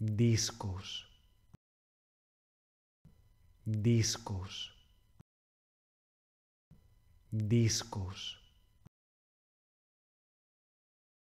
discos, discos, discos.